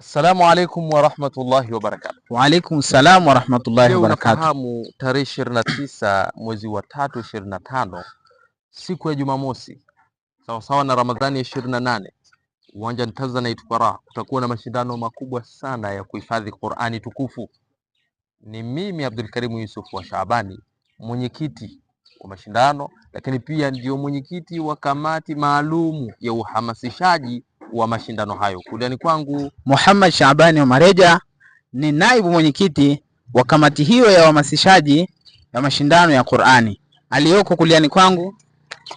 Assalamu alaikum warahmatullahi wabarakatuh. Wa salam warahmatullahi wabarakatuh. Unafahamu tarehe ishirini na tisa mwezi wa tatu ishirini na tano siku ya Jumamosi sawasawa na Ramadhani ya ishirini na nane uwanjani Tanzanite Kwaraa kutakuwa na mashindano makubwa sana ya kuhifadhi Qur'ani tukufu. Ni mimi Abdulkarimu Yusuf wa shabani mwenyekiti wa mashindano, lakini pia ndio mwenyekiti wa kamati maalumu ya uhamasishaji wa mashindano hayo. Kuliani kwangu Muhammad Shabani Omareja ni naibu mwenyekiti wa kamati hiyo ya uhamasishaji ya mashindano ya Qur'ani. Aliyoko kuliani kwangu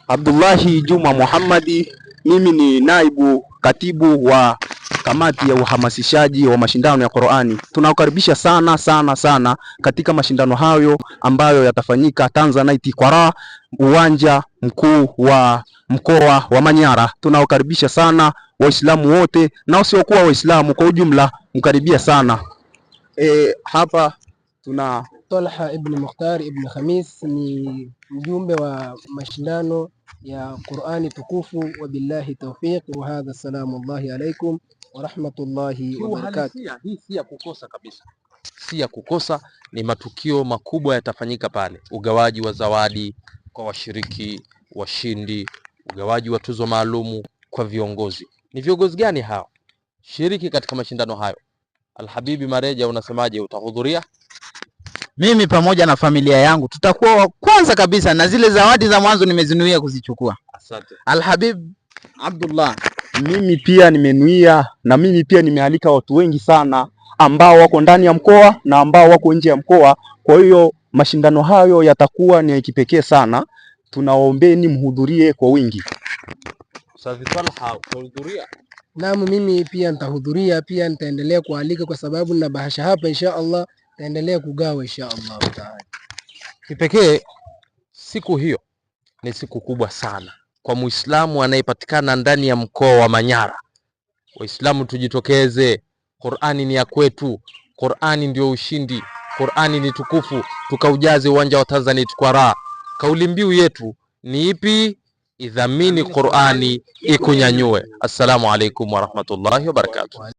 Abdullahi Juma Muhammadi, mimi ni naibu katibu wa kamati ya uhamasishaji wa mashindano ya Qur'ani. Tunakukaribisha sana sana sana katika mashindano hayo ambayo yatafanyika Tanzanite Kwara, uwanja mkuu wa mkoa wa Manyara. Tunakukaribisha sana Waislamu wote na wasiokuwa Waislamu kwa ujumla, mkaribia sana. E, hapa tuna Talha ibn Mukhtar ibn Khamis ni mjumbe wa mashindano ya Qur'ani tukufu. billahi tawfiq wa hadha, salamu Allahi alaikum wa rahmatullahi wa barakatuh. Hii si ya kukosa kabisa, si ya kukosa, ni matukio makubwa yatafanyika pale, ugawaji wa zawadi kwa washiriki washindi, ugawaji wa tuzo maalumu kwa viongozi. Ni viongozi gani hao? Shiriki katika mashindano hayo. Alhabibi Mareja, unasemaje, utahudhuria? Mimi pamoja na familia yangu tutakuwa wa kwanza kabisa, na zile zawadi za mwanzo nimezinuia kuzichukua. Asante Alhabib Abdullah mimi pia nimenuia na mimi pia nimealika watu wengi sana ambao wako ndani ya mkoa na ambao wako nje ya mkoa. Kwa hiyo mashindano hayo yatakuwa ni ya kipekee sana, tunaombeni mhudhurie kwa wingi. Naam, mimi pia nitahudhuria, pia nitaendelea kualika kwa sababu na bahasha hapa, insha Allah nitaendelea kugawa insha Allah taala. Kipekee siku hiyo ni siku kubwa sana kwa Muislamu anayepatikana ndani ya mkoa wa Manyara. Waislamu tujitokeze, Qur'ani ni ya kwetu, Qur'ani ndio ushindi, Qur'ani ni tukufu, tukaujaze uwanja wa Tanzanite kwa raha. Kauli mbiu yetu ni ipi? Idhamini Qur'ani ikunyanyue. Assalamu alaikum warahmatullahi wabarakatuh.